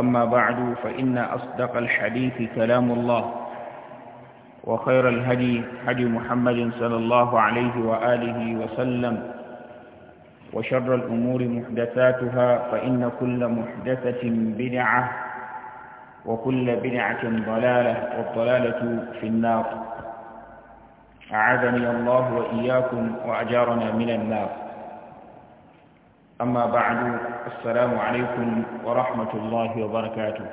أما بعد فإن أصدق الحديث كلام الله وخير الهدي هدي محمد صلى الله عليه وآله وسلم وشر الأمور محدثاتها فإن كل محدثة بنعة وكل بنعة ضلالة والضلالة في النار أعاذني الله وإياكم وأجارنا من النار أما بعد السلام عليكم ورحمة الله وبركاته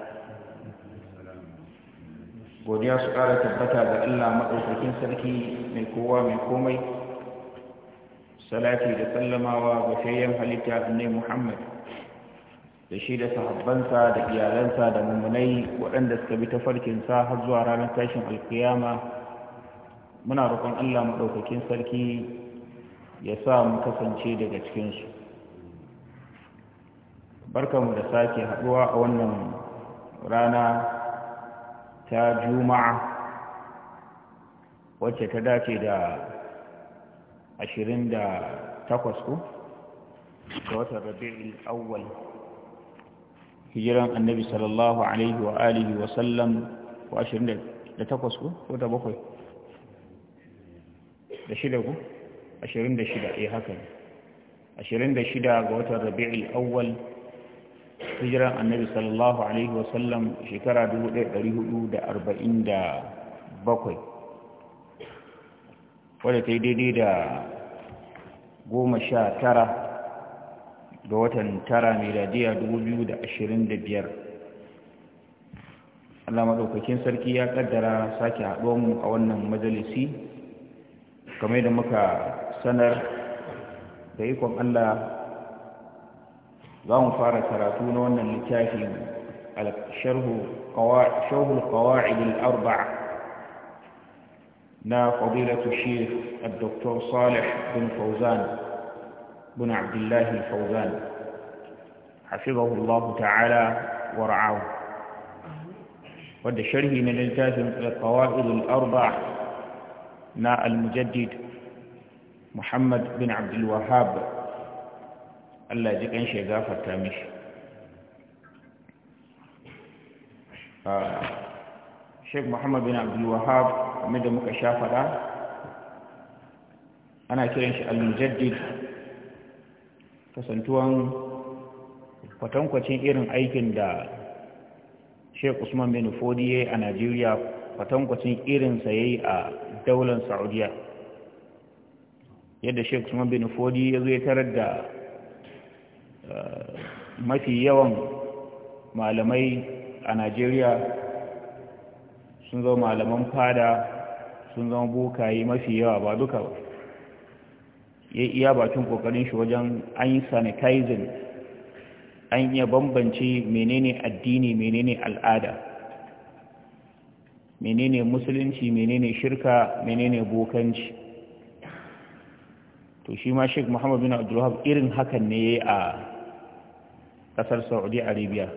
godiya su ƙara tabbata ga Allah maɗaukakin sarki mai kowa mai komai salati da sallamawa ga fayyan halitta ne Muhammad da shi da sahabbansa da iyalansa da mummunai waɗanda suka bi ta farkinsa har zuwa ranar tashin alkiyama muna roƙon Allah maɗaukakin sarki ya sa mu kasance daga cikinsu barka mu da sake haɗuwa a wannan rana ta juma'a wacce ta dace da 28 ku ga watan rabi'ul awwal hijiran annabi sallallahu alaihi wa alihi wa sallam ko 28 ku ko da bakwai da shida ku 26 eh haka 26 ga watan rabi'ul awwal hijiran annabi sallallahu alaihi wasallam shekara 1447 wadda ta yi daidai da goma sha tara ga watan tara miladiya 2025 allah maɗaukakin sarki ya ƙaddara sake mu a wannan majalisi kamar da muka sanar da ikon allah za mu fara karatu na wannan littafi sharhu al-qawa'id al-arba'a na fadilatu shaykh al-doktor salih bin fawzan bin abdullah al-fawzan hafizahu Allah ta'ala wa ra'ahu wanda sharhi na littafin al-qawa'id al-arba'a na al-mujaddid محمد بن عبد الوهاب Allah ji kan shi gafarta mishi ah, Sheikh Muhammad bin Abdul Wahhab kamar da muka sha faɗa ana kiran shi al-mujaddid kasantuwan kwatankwacin irin aikin da Sheikh Usman bin Fodi a Najeriya kwatankwacin sa yayi a daular Saudiya yadda Sheikh Usman bin Fodi ya zo ya tarar da mafi yawan malamai a najeriya sun zama malaman fada sun zama bokaye mafi yawa ba duka ba ya iya bakin kokarin shi wajen an yi sanitizing an iya bambance menene addini menene al'ada menene musulunci menene shirka menene bokanci to shi ma sheik muhammad bin abdulwahab irin hakan ne ya yi a ƙasar saudi arabia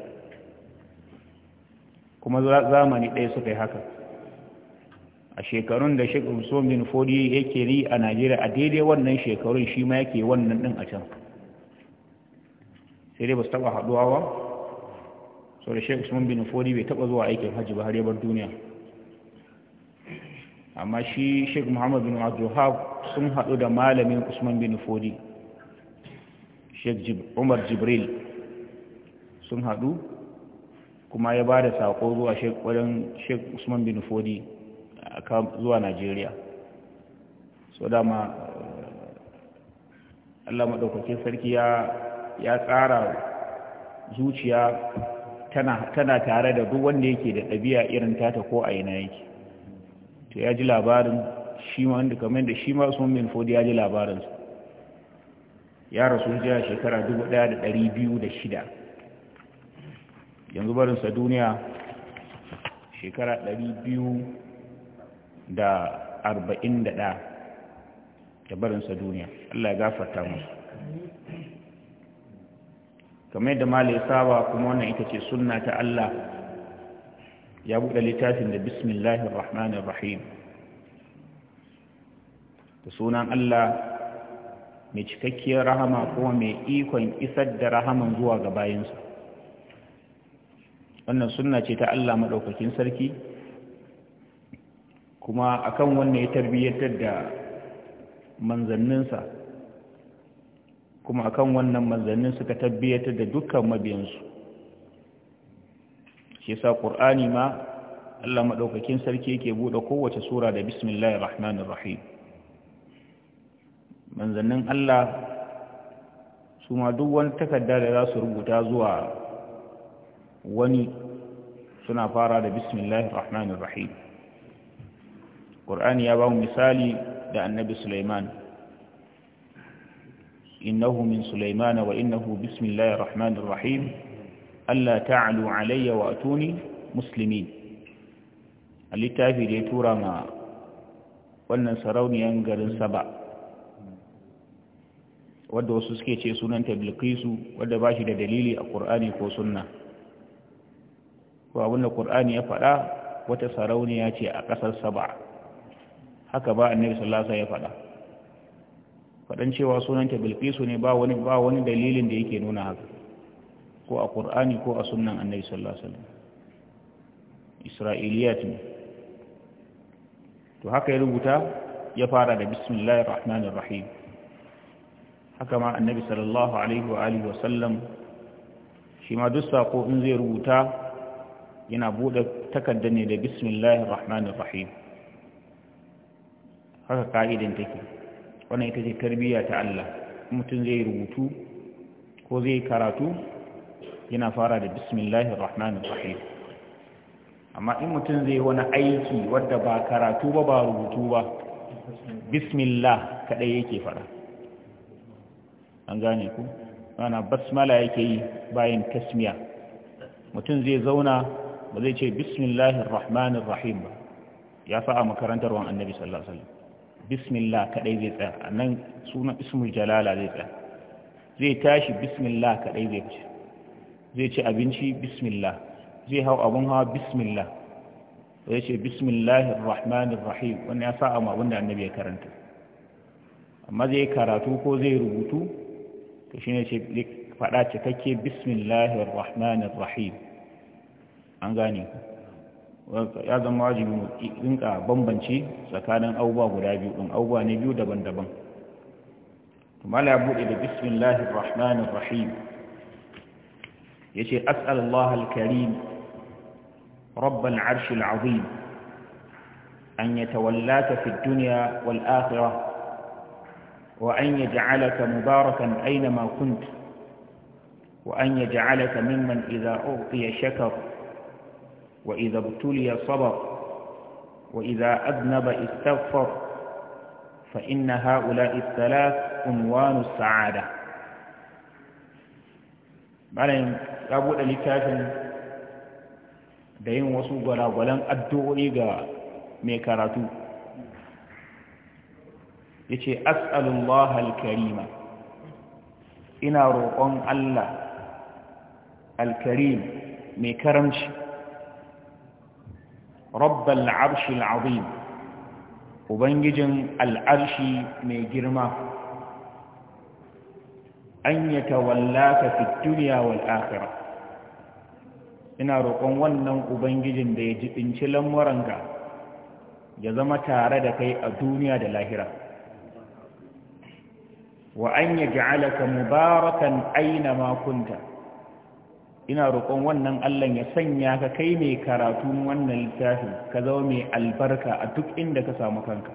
kuma zamani ɗaya suka yi haka a shekarun da so min fodi yake yi a najeriya a daidai wannan shekarun shi ma yake wannan ɗin a can sai dai ba su taɓa haɗuwa ba sau da shek usman bin fodi bai taɓa zuwa aikin hajji ba har yabar duniya amma shi sheik muhammad bin abdullahab sun haɗu da malamin usman bin fodi sheik umar jibril sun haɗu kuma ya ba da saƙo zuwa wajen sheik usman bin fodi zuwa najeriya so dama eh, allah maɗaukakin sarki ya tsara zuciya tana tare da duk wanda yake da ɗabi'a irin tata ko a ina yake to ya ji labarin shi wanda kamar da shi usman bin fodi ya ji labarinsa ya rasu jiya shekara shida. yanzu barinsa duniya shekara 241 da barinsa duniya Allah ya gafarta mu kamar yadda malai saba kuma wannan ita ce sunna ta Allah ya buɗe littafin da bismillahir rahmanir rahim da sunan Allah mai cikakkiyar rahama kuma mai ikon isar da rahaman zuwa ga bayansa wannan sunna ce ta Allah maɗaukakin sarki kuma akan wannan ya tarbiyyatar da manzanninsa kuma akan wannan manzannin suka tabbiyatar da dukkan mabiyansu shi sa ƙur'ani ma Allah madaukakin sarki yake buɗe kowace sura da bismillahir rahmanir rahim manzannin Allah su ma duk wani takarda da za su rubuta zuwa wani suna fara da bismillahir rahmanir rahim qur'ani ya ba mu misali da annabi sulaiman innahu min sulaiman wa innahu bismillahir rahmanir rahim alla ta'lu alayya wa atuni muslimin alittafi da ya tura ma wannan sarauniyan garin saba wadda wasu suke ce sunanta bilkisu wadda bashi da dalili a ƙur'ani ko sunna ko abinda ƙur'ani ya faɗa wata sarauniya ce a ƙasar saba haka ba annabi sallallahu ya faɗa faɗan cewa sunanta bilkisu ne ba wani ba wani dalilin da yake nuna haka ko a ƙur'ani ko a sunnan annabi sallallahu alaihi wasallam isra'iliyat ne to haka ya rubuta ya fara da bismillahir rahmanir rahim haka ma annabi sallallahu alaihi wa alihi wasallam shi ma duk sako in zai rubuta yana buɗe takarda ne da bismillahir rahmanir rahim haka ka'idan take wannan ita ce tarbiyya ta Allah mutum zai rubutu ko zai karatu yana fara da bismillahir rahmanir rahim amma in mutum zai wani aiki wadda ba karatu ba ba rubutu ba bismillah kadai yake fara an gane ku ana basmala yake yi bayan tasmiya mutum zai zauna ba zai ce bismillahir rahmanir rahim ba ya fa'a makarantar wan annabi sallallahu alaihi wasallam bismillah kadai zai tsaya annan sunan ismul jalala zai tsaya zai tashi bismillah kadai zai ce zai ci abinci bismillah zai hau abun hawa bismillah zai ce bismillahir rahmanir rahim wannan ya sa'a ma wanda annabi ya karanta amma zai karatu ko zai rubutu to shine ce faɗa cikakke bismillahir rahmanir rahim an gane ya zama wajibi mu rinka bambanci tsakanin abubuwa guda biyu ɗin abubuwa ne biyu daban-daban mala bude da bismillahir rahmanir rahim yace as'alullahi al-karim azim an رب العرش العظيم أن يتولاك في الدنيا والآخرة وأن يجعلك مباركا wa an وأن ja'alaka mimman إذا أعطي شكر وإذا ابتلي صبر وإذا أذنب استغفر فإن هؤلاء الثلاث عنوان السعادة بعدين أبو ألي كافن دين وصوب ولا ولن أدعوني غا ميكاراتو يتي أسأل الله الكريم إن روقون الله الكريم ميكرمش rabbal arshil azim ubangijin al'arshi mai girma an ya tawallaka fi duniya ina roƙon wannan ubangijin da ya jibinci lamuranka ya zama tare da kai a duniya da lahira wa an ya ja'alaka mubarakan aina makunta. ina roƙon wannan Allah ya sanya ka kai mai karatu wannan littafin ka zama mai albarka a duk inda ka samu kanka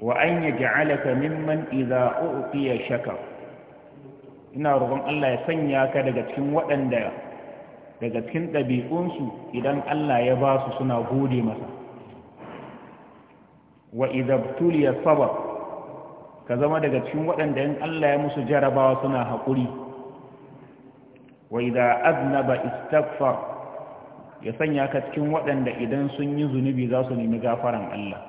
wa an yaj'alaka mimman idza uqiya shaka. ina roƙon Allah ya sanya ka daga cikin waɗanda daga cikin ɗabi'unsu idan Allah ya ba su suna gode masa wa idabtuliya sabar ka zama daga cikin waɗanda in Allah ya musu jarabawa suna haƙuri wa idza aznaba istaghfar ya sanya ka cikin waɗanda idan sun yi zunubi za su nemi gafaran Allah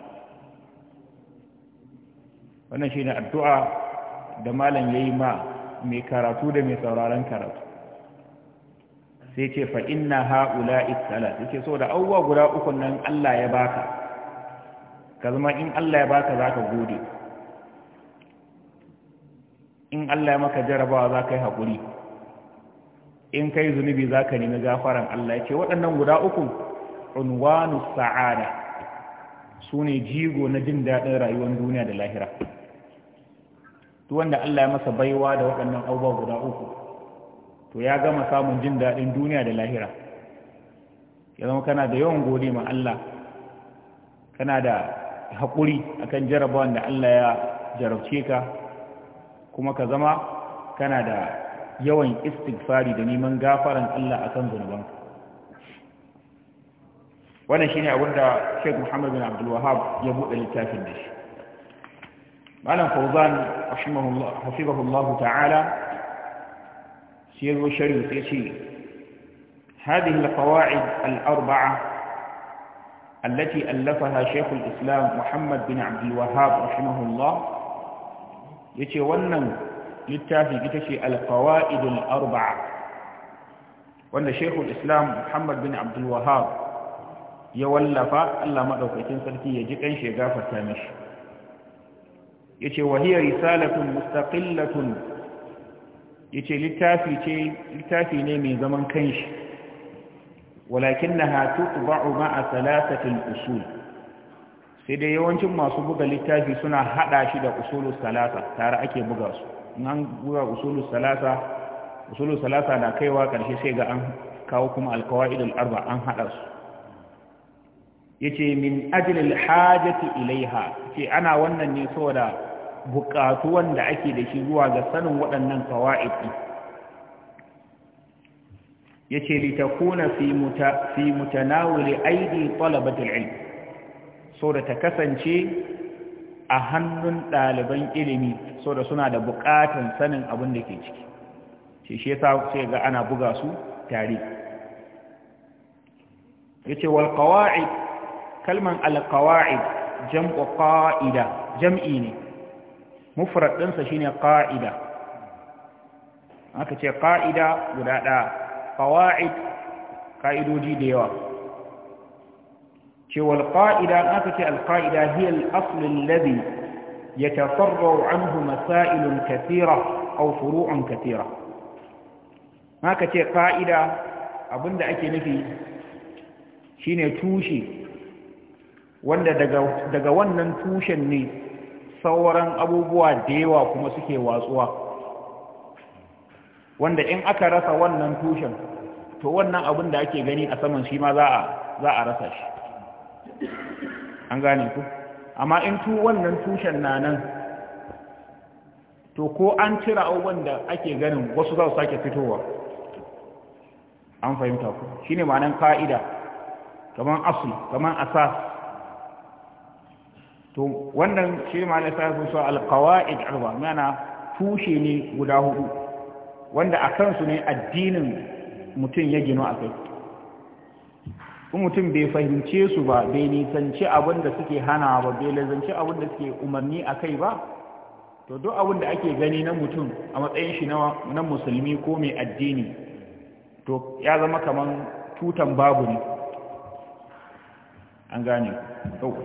wannan shine addu'a da malam yayi ma mai karatu da mai sauraron karatu sai ce fa inna haula ittalat yake so da abubuwa guda uku nan Allah ya baka ka zama in Allah ya baka zaka gode in Allah ya maka jarabawa zaka yi hakuri in kai zunubi za ka nemi gafaran Allah ya ce waɗannan guda uku unwanu sa'ada su ne jigo na jin daɗin rayuwar duniya da lahira duk wanda Allah ya masa baiwa da waɗannan abubuwa guda uku to ya gama samun jin daɗin duniya da lahira ya zama kana da yawan gode ma Allah kana da haƙuri akan jarabawan da Allah ya jarabce ka kuma ka zama kana da yawan istighfari da neman gafaran Allah akan zunubanka wannan shine abin da Sheikh Muhammad bin Abdulwahab ya buɗe littafin da shi Malam Fawzan rahimahullah hafizahullahu ta'ala sai yazo sharhi sai ce هذه القواعد الأربعة التي ألفها شيخ الإسلام محمد بن عبد الوهاب رحمه الله يتي ونن littafi ita ce alfawa'idul arba'a wanda shekul islam muhammad bin Abdulwahab ya wallafa allah maɗaukakin sarki ya ji ƙanshe gafarta mishi ya ce wahiyar risalatun mustaƙillatun ya ce littafi ne mai zaman kanshi walakin na hatu ba'u a salasatin usul sai dai yawancin masu buga littafi suna haɗa shi da usulun salasa tare ake buga su nan zuwa usulu salasa usulu salasa na kaiwa karshe sai ga an kawo kuma alkawaidul arba an hada su yace min ajlil hajati ilaiha ce ana wannan ne saboda bukatu wanda ake da shi zuwa ga sanin waɗannan kawaid din yace litakuna fi muta fi mutanawili aidi talabatul ilm saboda ta kasance a hannun ɗaliban ilimi so da suna da bukatun sanin abin da ke ciki shi shi yasa sai ga ana buga su tare yace wal qawaid kalman al qawaid jam'u qa'ida jam'i ne mufrad din sa shine qa'ida aka ce qa'ida guda da qawaid ka'idoji da yawa ce wal qa'ida aka ce al qa'ida hiya al asl alladhi يتفرع عنه مسائل كثيرة أو فروع كثيرة ما كتير قائدة أبن دا أكي نفي شين توشي wanda daga wannan tushen ne sauran abubuwa da yawa kuma suke watsuwa wanda in aka rasa wannan tushen to wannan abin da ake gani a saman shi ma za a rasa shi an gane ku amma in tu wannan tushen na nan to ko an cira abubuwan da ake ganin wasu za su sake fitowa an fahimta ku shine ma'anan ka'ida kaman asli kaman asas to wannan shine ma'anan asas su alqawaid arba mana tushe ne guda hudu wanda akan su ne addinin mutum ya gino a kai in mutum bai fahimce su ba bai nisanci abin da suke hana ba bai lazanci abin da suke umarni a kai ba to duk abin da ake gani na mutum a matsayin shi na musulmi ko mai addini to ya zama kaman tutan babu ne an gane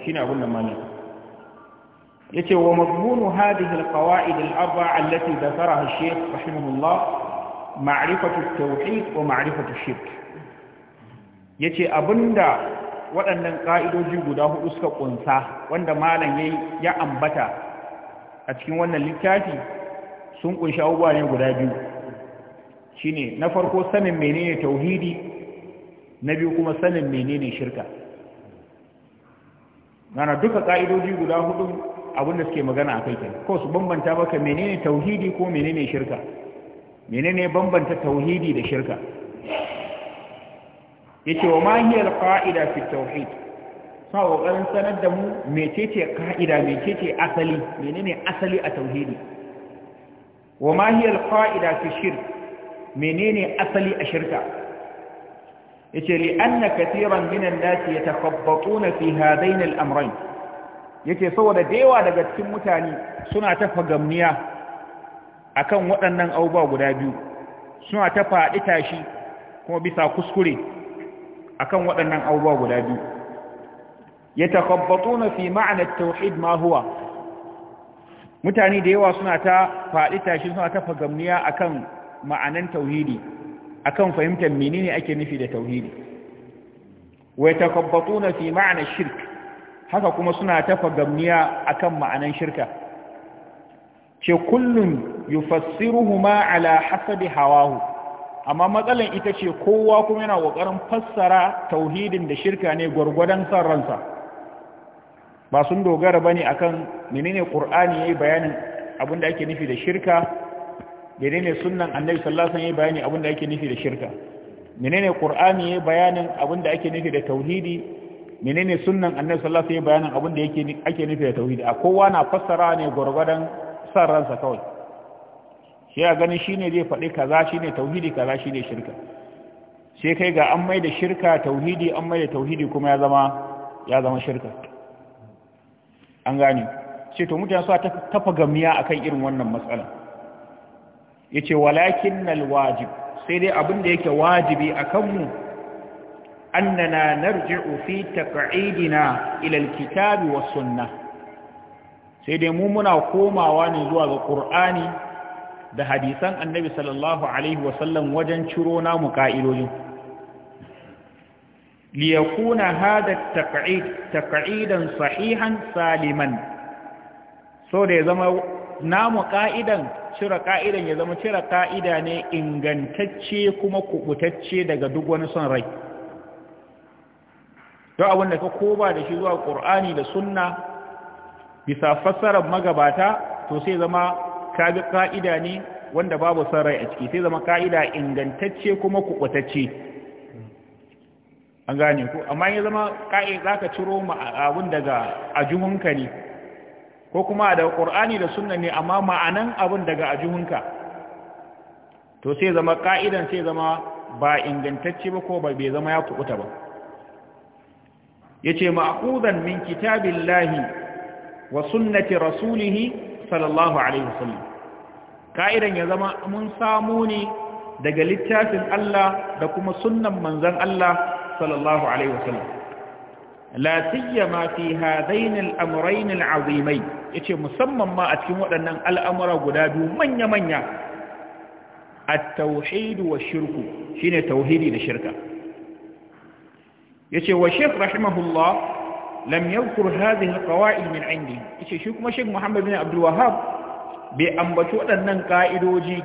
shi ne abin da malam يتي ومضمون هذه القواعد الأربع التي ذكرها الشيخ رحمه الله معرفة التوحيد ومعرفة الشرك ya ce abinda waɗannan ƙa'idoji guda hudu suka ƙunsa wanda malam ya ambata a cikin wannan littafi sun ƙunshi abubuwa ne guda biyu shine na farko sanin menene tauhidi na biyu kuma sanin menene shirka gana duka ƙa'idoji guda hudu abinda suke magana a kai ko su bambanta baka menene tauhidi ko menene shirka menene bambanta tauhidi da shirka yace wa ma hiya alqaida fi tauhid sa kokarin sanar da mu mecece kaida mecece asali menene asali a tauhidi wa ma hiya alqaida fi shirk menene asali a shirka yace li anna katiran minan nas yatakhabbatuna fi hadain al-amrayn yake saboda dewa daga cikin mutane suna ta fagamniya akan waɗannan abubuwa guda biyu suna ta faɗi tashi kuma bisa kuskure akan waɗannan abubuwa guda biyu yatakabbatuna fi ma'anar at-tauhid ma huwa mutane da yawa suna ta faɗi tashi suna ta fagamniya akan ma'anan tauhidi akan fahimtar menene ake nufi da tauhidi wa na fi ma'anar shirk haka kuma suna ta fagamniya akan ma'anan shirka ce kullun yufassiruhuma ala hasabi hawahu amma matsalan ita ce kowa kuma yana ƙoƙarin fassara tauhidin da shirka ne gwargwadon san ransa ba sun dogara bane akan menene qur'ani yayi bayanin abin da ake nufi da shirka menene sunnan annabi sallallahu alaihi wasallam yayi bayani abin da ake nufi da shirka menene qur'ani yayi bayanin abin da ake nufi da tauhidi menene sunnan annabi sallallahu alaihi wasallam yayi bayanin abin da ake nufi da tauhidi a kowa na fassara ne gwargwadon san ransa kawai shi a ganin shine zai faɗi kaza shine tauhidi kaza shine shirka sai kai ga an maida shirka tauhidi an maida tauhidi kuma ya zama ya zama shirka an gane sai to mutane su tafa gamiya akan irin wannan matsala yace walakinnal wajib sai dai abin da yake wajibi akan mu annana narji'u fi taq'idina ila alkitabi was sunnah sai dai mu muna komawa ne zuwa ga qur'ani da hadisan annabi sallallahu alaihi wasallam wajen ciro namu ka'idojin liyakuna hada taq'id taq'idan sahihan saliman so da ya zama namu ka'idan cire ka'idan ya zama cire ka'ida ne ingantacce kuma kubutacce daga duk wani son rai to abin da ka koba da shi zuwa qur'ani da sunna bisa fassarar magabata to sai zama ka bi ka'ida ne wanda babu son rai a ciki sai zama ka'ida ingantacce kuma kuɓutacce an gane ku amma ya zama ka'ida za ka ciro abin daga ajuhunka ne ko kuma da ƙur'ani da suna ne amma ma'anan abin daga ajuhunka to sai zama ka'idan sai zama ba ingantacce ba ko ba bai zama ya kuɓuta ba ya ce ma'akudan min kitabillahi wa sunnati rasulihi sallallahu alaihi wasallam ka'idan ya zama mun samu ne daga littafin Allah da kuma sunnan manzon Allah sallallahu alaihi wasallam la siyama fi hadain al-amrayn al-azimain yace musamman ma a cikin waɗannan al'amura guda biyu manya manya at-tauhid wa shirku shine tauhidi da shirka yace wa shaykh rahimahullah lam yadhkur hadhihi alqawaid min indi yace shi kuma Sheikh Muhammad bin Abdul Wahhab bai ambaci waɗannan ƙa'idoji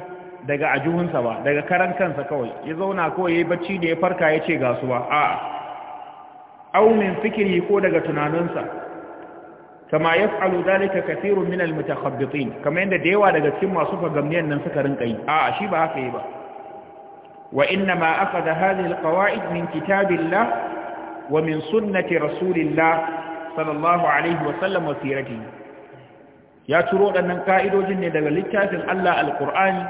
daga ajihunsa ba daga karan kansa kawai ya zauna kawai yi bacci da ya farka ya ce su ba a'a aw min ko daga tunaninsa kama yaf'alu dhalika kathirun min almutakhabbitin kama yanda da yawa daga cikin masu fagamniyan nan suka rinka yi a'a shi ba haka yi ba wa inna ma da hadhihi alqawaid min kitabillah wa min sunnati rasulillah sallallahu alaihi wa sallam wa ya ciro waɗannan ka'idojin ne daga littafin Allah alqur'ani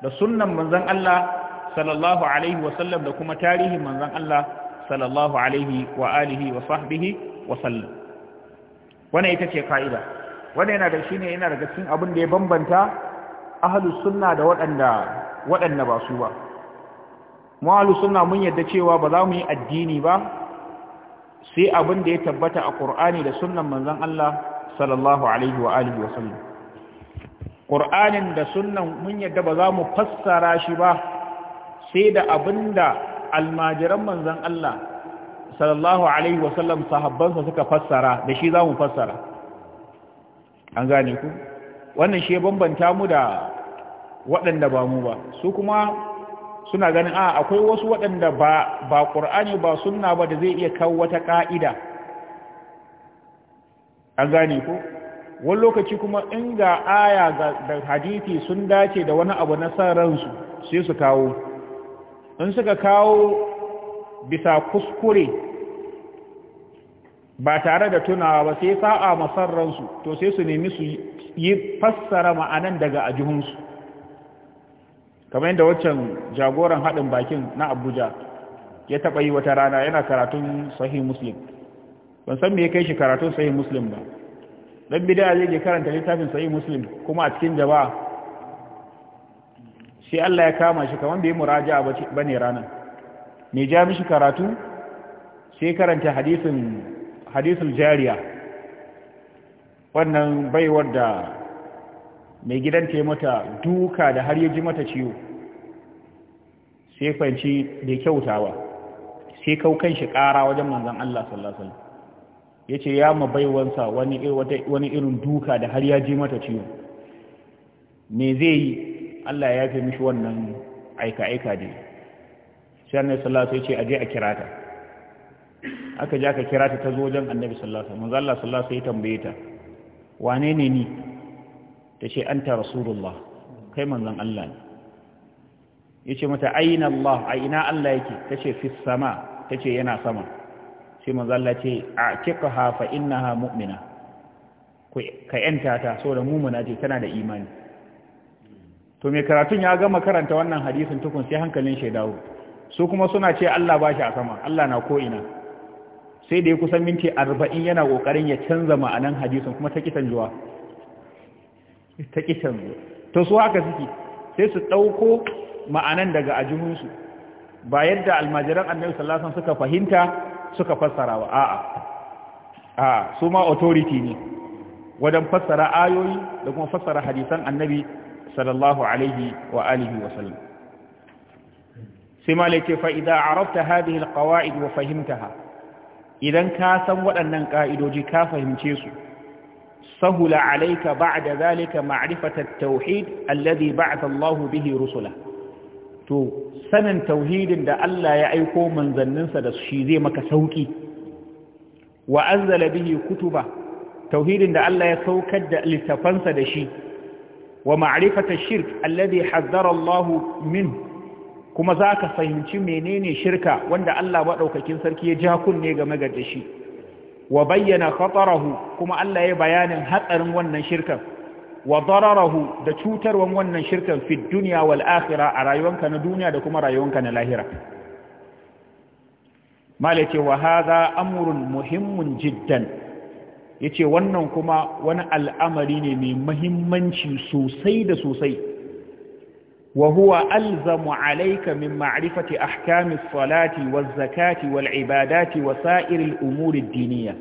da sunnan manzon Allah sallallahu alaihi wa sallam da kuma tarihin manzon Allah sallallahu alaihi wa alihi wa sahbihi wa sallam wannan ita ce ka'ida wannan yana da shine yana daga cikin abun da ya bambanta ahlu sunna da waɗanda ba su ba ma'alu suna mun yadda cewa ba za mu yi addini ba sai abin da ya tabbata a ƙur'ani da sunan manzan Allah sallallahu alaihi wa alihi wa sallam ƙur'anin da sunan mun yadda ba za mu fassara shi ba sai da abin da almajiran manzan Allah sallallahu alaihi wa sallam sahabbansa suka fassara da shi za mu fassara an gane ku wannan shi ya bambanta mu da waɗanda ba mu ba su kuma suna ganin a ah, akwai wasu waɗanda ba ba ƙur'ani ba sunna ba da zai iya kawo wata ƙa'ida an gane ko wani lokaci kuma in ga aya da hadisi sun dace da wani abu na san ransu sai su kawo in suka kawo bisa kuskure ba tare da tunawa ba sai sa'a masarransu to sai su nemi su yi fassara ma'anan daga ajihunsu kamar yadda waccan jagoran haɗin bakin na abuja ya taɓa yi wata rana yana karatun sahih muslim ban san me ya kai shi karatun sahih muslim ba dan bid'a zai je karanta littafin sahih muslim kuma a cikin jaba sai Allah ya kama shi kamar bai muraja'a bane ranan me ja mishi karatu sai karanta hadisin hadisul jariya wannan baiwar da mai gidan ta mata duka da har ya ji mata ciwo sai fanci da kyautawa sai kau kan shi ƙara wajen manzan Allah sallallahu alaihi ya ce ya ma baiwansa wani irin duka da har ya ji mata ciwo me zai yi Allah ya fi mishi wannan aika-aika ne sai annabi sallallahu alaihi wasallam ya ce aje a kira aka je aka kira ta ta zo wajen annabi sallallahu alaihi wasallam manzo Allah sallallahu alaihi wasallam ya tambaye ta wane ne ni Ta ce an ta rasulullah kai manzan Allah ne ya ce mata aina Allah a ina Allah yake ta ce fi sama ta ce yana sama shi manzan Allah ce a kika hafa ina ha mu'mina ka yanta ta so da mumuna ce tana da imani to mai karatun ya gama karanta wannan hadisin tukun sai hankalin shi dawo? su kuma suna ce Allah ba shi a sama Allah na ko ina. sai da ya kusan minti arba'in yana ƙoƙarin ya canza ma'anan hadisin kuma ta kitan juwa ta kitan zo. to su haka suke sai su ɗauko ma'anan daga ajihunsu ba yadda almajiran annabi sallasan suka fahimta suka fassara ba a'a a su ma authority ne wajen fassara ayoyi da kuma fassara hadisan annabi sallallahu alaihi wa alihi wa sallam sai malaka fa idza arafta hadhihi alqawaid wa fahimtaha idan ka san waɗannan ka'idoji ka fahimce su Sahula alaika بعد ذلك معرفة التوحيد الذي بعث الله bihi rusula. to sanin tauhidin da Allah ya aiko manzanninsa da shi zai maka sauki wa anzala bihi kutuba tauhidin da Allah ya saukar da littafansa da shi wa ma'rifata shirk alladhi haddara Allah min kuma zaka fahimci menene shirka wanda Allah madaukakin sarki ya ja kunne game ga da shi wa bayyana khatarahu kuma Allah ya bayanin hatsarin wannan shirkan wa dararahu da cutarwan wannan shirkan fi duniya wal akhirah a rayuwanka na duniya da kuma rayuwanka na lahira malaka wa hadha amrun muhimmun jiddan yace wannan kuma wani al'amari ne mai muhimmanci sosai da sosai وهو ألزم عليك من معرفة أحكام الصلاة والزكاة والعبادات وسائر الأمور الدينية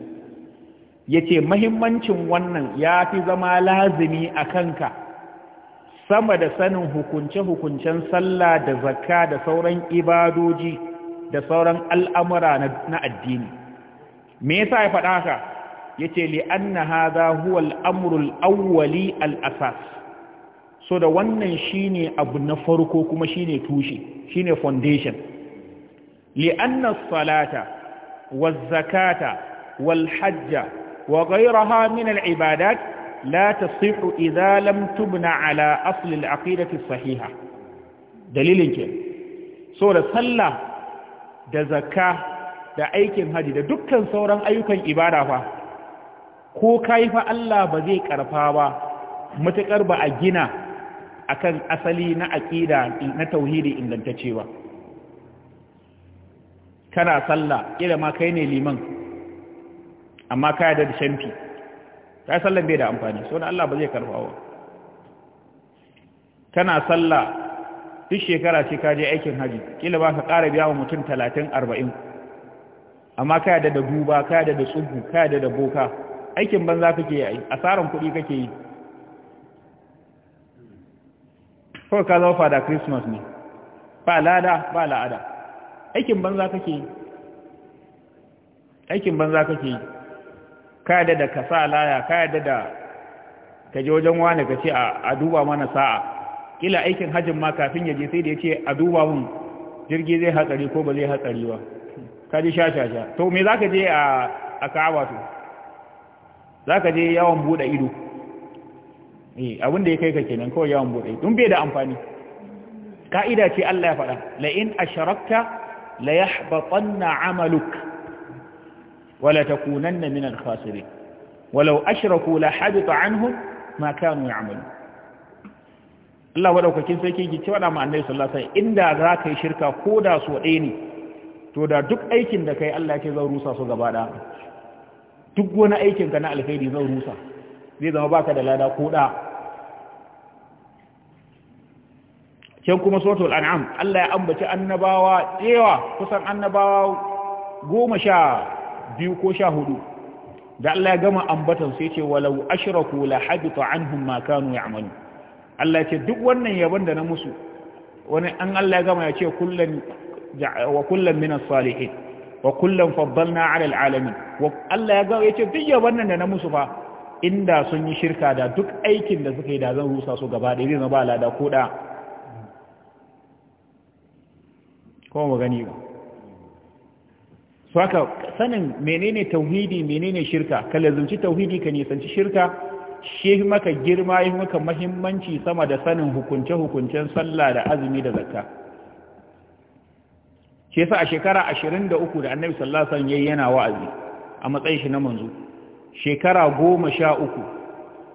yace mahimmancin wannan ya fi zama lazimi a kanka sama da sanin hukunce-hukuncen sallah da zakka da sauran ibadoji da sauran al'amura na addini me yasa ya faɗa ka? yace li'an na huwa al-amru al-awwali al so da wannan shine abu na farko kuma shine tushe shine foundation li'anna as-salata waz-zakata wal-hajja wa ghayraha min al-ibadat la tasihhu idha lam tubna ala asl al-aqidati as-sahiha dalilin ke so da sallah da zakka da aikin haji da dukkan sauran ayyukan ibada fa ko kai fa Allah ba zai karfa ba mutakar ba a gina akan asali na aƙida na tauhidi ingantacewa kana sallah ƙila ma kai ne liman amma ka yarda da Ta kai sallan bai da amfani so da Allah ba zai karbawa kana sallah duk shekara sai ka je aikin haji kila ba ka ƙara biya wa mutum 30 40 amma ka yarda da duba ka yarda da tsubu ka yarda da boka aikin banza kake yi asaran kuɗi kake yi kawai ka zama fada christmas ne ba lada ba la'ada aikin banza kake yi aikin banza kake yi ka yadda da ka sa laya ka yadda da ka je wajen wani ka ce a duba mana sa'a kila aikin hajjin ma kafin ya je sai da ya ce a duba mun jirgi zai hatsari ko ba zai hatsari ba ka ji sha-sha-sha to me za ka je a ka'aba to za ka je yawon buɗe ido eh abin da ya kai ka kenan kawai yawan bude dun bai da amfani ka'ida ce Allah ya faɗa la in asharakta la yahbatanna amaluk wala takunanna min al-khasirin walau ashraku la habita anhum ma kanu ya'malun Allah wadaukakin sarki ki cewa ma annabi sallallahu alaihi wasallam inda za ka yi shirka ko da so ɗaya ne to da duk aikin da kai Allah ce zan rusa su gaba ɗaya duk wani aikin ka na alkhairi zan rusa zai zama baka da lada ko da can kuma suratul an'am Allah ya ambaci annabawa tsewa kusan annabawa goma sha biyu ko sha hudu da Allah ya gama ambatan sai ce walau ashraku la habita anhum ma kanu ya'malu Allah ya ce duk wannan yabon da na musu wani an Allah ya gama ya ce kullan wa kullan min as-salihin wa kullan faddalna 'ala al-alamin wa Allah ya gama ya ce duk yabon nan da na musu fa inda sun yi shirka da duk aikin da suka yi da zan rusa su gaba da zai zama ba lada ko da kuma mu ba su haka sanin menene tauhidi menene shirka ka lazumci tauhidi ka nisanci shirka shi maka girma yi maka mahimmanci sama da sanin hukunce-hukuncen sallah da azumi da zakka shi yasa a shekara 23 da annabi sallallahu alaihi wasallam yayi yana wa'azi a matsayin shi na manzo shekara 13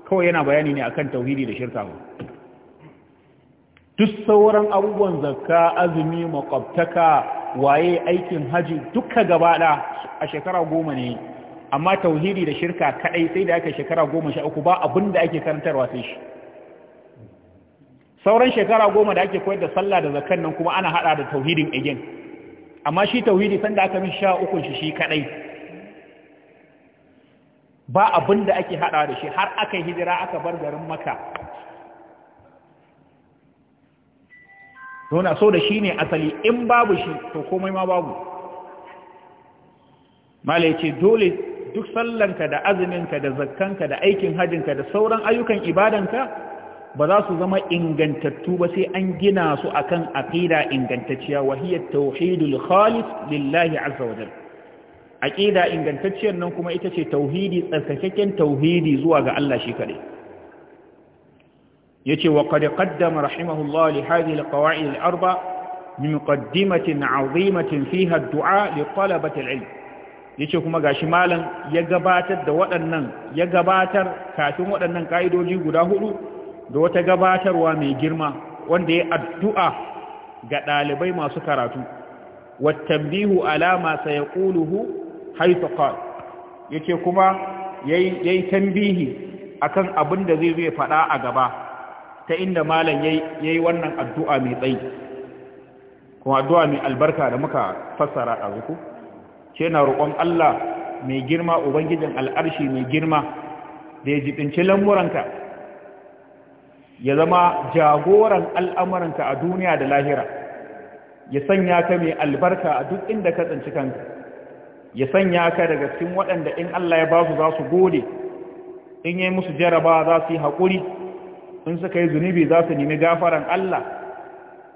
kawai yana bayani ne akan tauhidi da shirka ba duk sauran abubuwan zakka azumi makwabtaka waye aikin haji duka gaba da a shekara goma ne amma tauhidi da shirka kadai sai da aka shekara goma sha uku ba abin da ake karantarwa sai shi sauran shekara goma da ake koyar da sallah da zakkan nan kuma ana hada da tauhidin again amma shi tauhidi sanda aka min sha ukun shi shi kadai ba abin da ake hada da shi har aka hijira aka bar garin maka nuna so da shi ne asali in babu shi to komai ma babu mala ce dole duk sallanka da azuminka da zakkanka da aikin hajjinka da sauran ayyukan ibadanka ba za su zama ingantattu ba sai an gina su akan aƙida ingantacciya wahiyar tauhidul khalif lillahi azza wa ingantacciyar nan kuma ita ce tauhidi tsarkakken tauhidi zuwa ga Allah shi kaɗai. yace wa qad qaddama rahimahullah li hadhihi alqawaid alarba min muqaddimatin azimatin fiha ad-du'a li talabati alilm yace kuma gashi malam ya gabatar da waɗannan ya gabatar kafin waɗannan kaidoji guda hudu da wata gabatarwa mai girma wanda ya addu'a ga ɗalibai masu karatu wattambihu alama sayaquluhu haythu qala yace kuma yayi yayi tambihi akan abin da zai zai faɗa a gaba ta inda malam yayi wannan addu'a mai tsayi kuma addu'a mai albarka da muka fassara a zuku ce na roƙon Allah mai girma ubangijin al'arshi mai girma da ya jibinci lamuranka ya zama jagoran al'amuranka a duniya da lahira ya sanya ka mai albarka a duk inda ka tsinci kanka ya sanya ka daga cikin waɗanda in Allah ya ba su za su gode in yi musu jaraba za su yi haƙuri in suka yi zunubi za su nemi gafaran Allah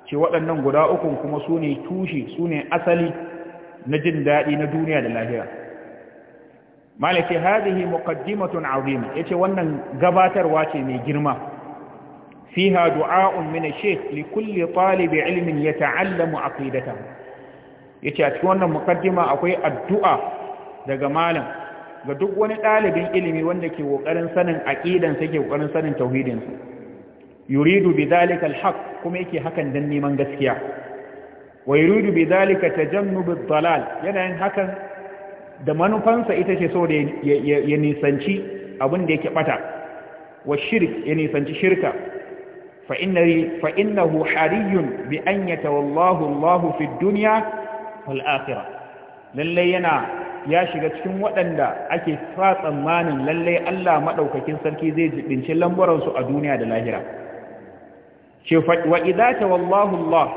ce waɗannan guda ukun kuma su ne tushe su ne asali na jin daɗi na duniya da lahira malaki hadihi muqaddimatun azima yace wannan gabatarwa ce mai girma fiha du'a'un min ash-shaykh li kulli talib ilmin yata'allamu aqidatahu yace a cikin wannan muqaddima akwai addu'a daga malam ga duk wani ɗalibin ilimi wanda ke ƙoƙarin sanin aƙidansa ke ƙoƙarin sanin tauhidinsa. yuridu bi dhalika alhaq kuma yake hakan dan neman gaskiya wa yuridu bi dhalika tajannub ad-dalal yana yin hakan da manufansa ita ce saboda ya nisanci abin da yake bata wa shirk ya nisanci shirka fa innahu fa innahu hariyun bi an yatawallahu Allahu fi dunya wal akhirah lalle yana ya shiga cikin waɗanda ake sa tsammanin lalle Allah madaukakin sarki zai jibinci lambaransu a duniya da lahira ce wa idza tawallahu Allah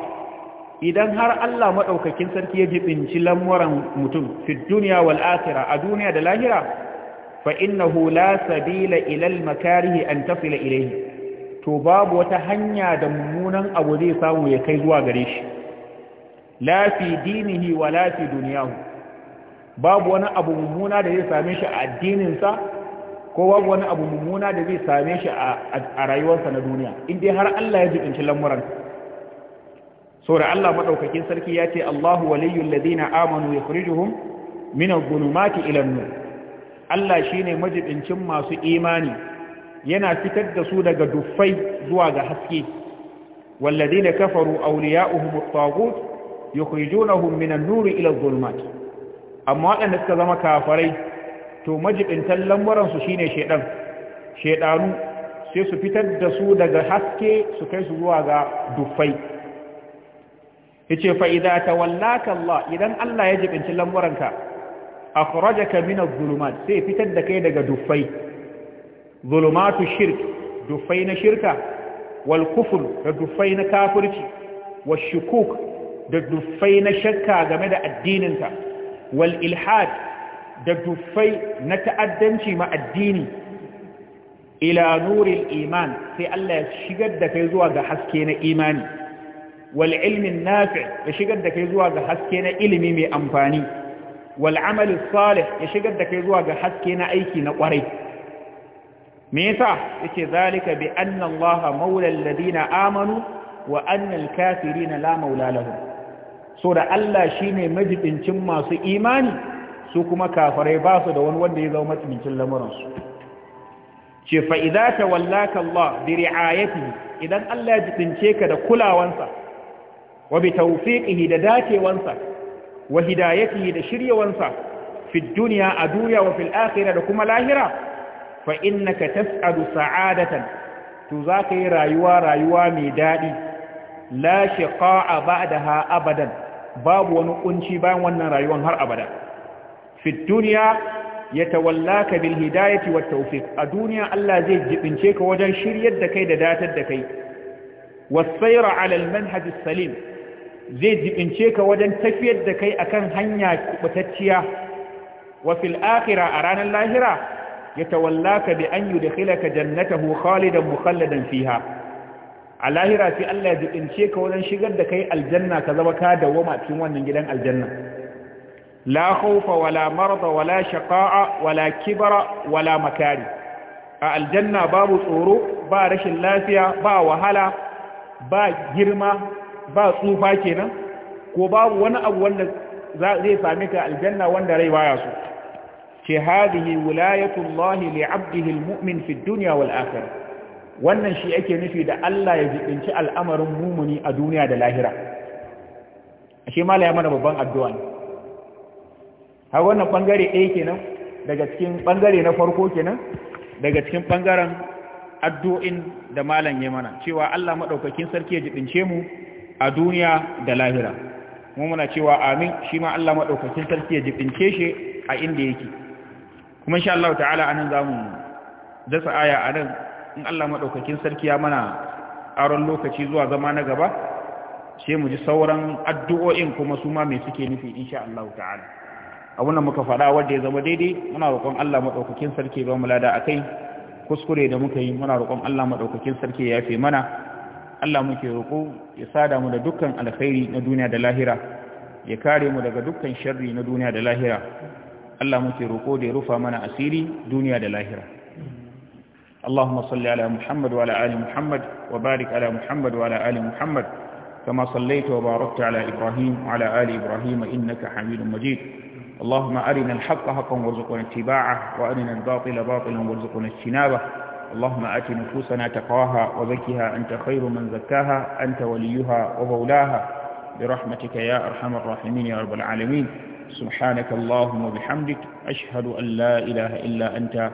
idan har Allah maɗaukakin sarki ya jibinci lamuran mutum fi dunya wal akhirah a duniya da lahira fa inna hula sabila ilal makarihi makarih an tasila to babu wata hanya da mummunan abu zai samu ya kai zuwa gare shi Lafi fi dinihi wa la babu wani abu mummuna da zai same shi a addininsa ko babu wani abu mummuna da zai same shi a rayuwarsa na duniya in dai har Allah ya jibinci lamuran saboda Allah madaukakin sarki ya ce Allahu Waliyyun ladina amanu yukhrijuhum min adh-dhulumati ila an-nur Allah shine majibincin masu imani yana fitar da su daga duffai zuwa ga haske والذين كفروا أولياؤهم الطاغوت يخرجونهم من النور إلى الظلمات amma waɗanda suka zama kafarai to majibintan lamuransu shine shedan shedanu sai su fitar da su daga haske su kai su zuwa ga dufai yace fa ta tawallaka Allah idan Allah ya jibinci lamuranka akhrajaka ka mina dhulumat sai fitar da kai daga dufai zulumatu shirk dufai na shirka wal kufur da dufai na kafirci shukuk da dufai na shakka game da addininka wal ilhad da dufai na ta'addanci ma addini ila nurin iman sai Allah ya shigar da kai zuwa ga haske na imani wal ilmin nafi' ya shigar da kai zuwa ga haske na ilimi mai amfani wal amali salih ya shigar da kai zuwa ga haske na aiki na kwarai me yasa yace zalika bi anna Allah maula alladhina amanu wa anna al la maula lahum so da Allah shine majibincin masu imani su kuma kafarai ba su da wani wanda ya zama matsimincin lamuransu ce fa'iza ta wallaka Allah bi ri'ayati idan Allah ya jibince ka da kulawansa wa bi tawfiqihi da dacewansa wa hidayatihi da shiryawansa fi duniya a duniya wa fil akhirah da kuma lahira fa ka tas'alu sa'adatan to za ka yi rayuwa rayuwa mai daɗi la shiqa'a ba'daha abadan babu wani kunci bayan wannan rayuwan har abada fi duniya ya tawallaka bil hidayati wat tawfiq a duniya Allah zai jibince ka wajen shiryar da kai da datar da kai wasaira ala al salim zai jibince ka wajen tafiyar da kai akan hanya kubutacciya wa fil akhirah a ranar lahira ya tawalla ka bi anyu da an yudkhilaka jannatahu khalidan mukhalladan fiha a lahira sai Allah ya jibince ka wajen shigar da kai aljanna ka zama ka dawoma cikin wannan gidan aljanna la khawfa wala marda wala shaqa'a wala kibra wala makari a aljanna babu tsoro ba rashin lafiya ba wahala ba girma ba tsufa kenan ko babu wani abu wanda zai sami ka aljanna wanda rai baya so ce hadhihi wilayatullahi li 'abdihi almu'min fi wannan shi ake nufi da Allah ya jibinci al'amarin mumuni a duniya da lahira shi mala ya mana babban addu'a har wannan bangare ɗaya kenan daga cikin bangare na farko kenan daga cikin bangaren addu'in da malam ya mana cewa Allah madaukakin sarki ya jibince mu a duniya da lahira mu muna cewa amin shi ma Allah madaukakin sarki ya jibince shi a inda yake kuma insha Allah ta'ala anan zamu dasa aya anan in Allah madaukakin sarki ya mana aron lokaci zuwa zama na gaba sai mu ji sauran addu'o'in kuma su ma me suke nufi insha Allah ta'ala abunda muka faɗa wanda ya zama daidai muna roƙon Allah madaukakin sarki ba mu lada akai kuskure da muka yi muna roƙon Allah maɗaukakin sarki ya yafe mana Allah muke roƙo ya sada mu da dukkan alkhairi na duniya da lahira ya kare mu daga dukkan sharri na duniya da lahira Allah muke roƙo da ya rufa mana asiri duniya da lahira اللهم صل على محمد وعلى آل محمد وبارك على محمد وعلى آل محمد كما صليت وباركت على إبراهيم وعلى آل إبراهيم إنك حميد مجيد اللهم أرنا الحق حقا وارزقنا اتباعه وأرنا الباطل باطلا وارزقنا اجتنابه اللهم آت نفوسنا تقواها وزكها أنت خير من زكاها أنت وليها ومولاها برحمتك يا أرحم الراحمين يا رب العالمين سبحانك اللهم وبحمدك أشهد أن لا إله إلا أنت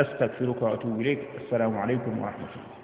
أستغفرك وأتوب إليك السلام عليكم ورحمة الله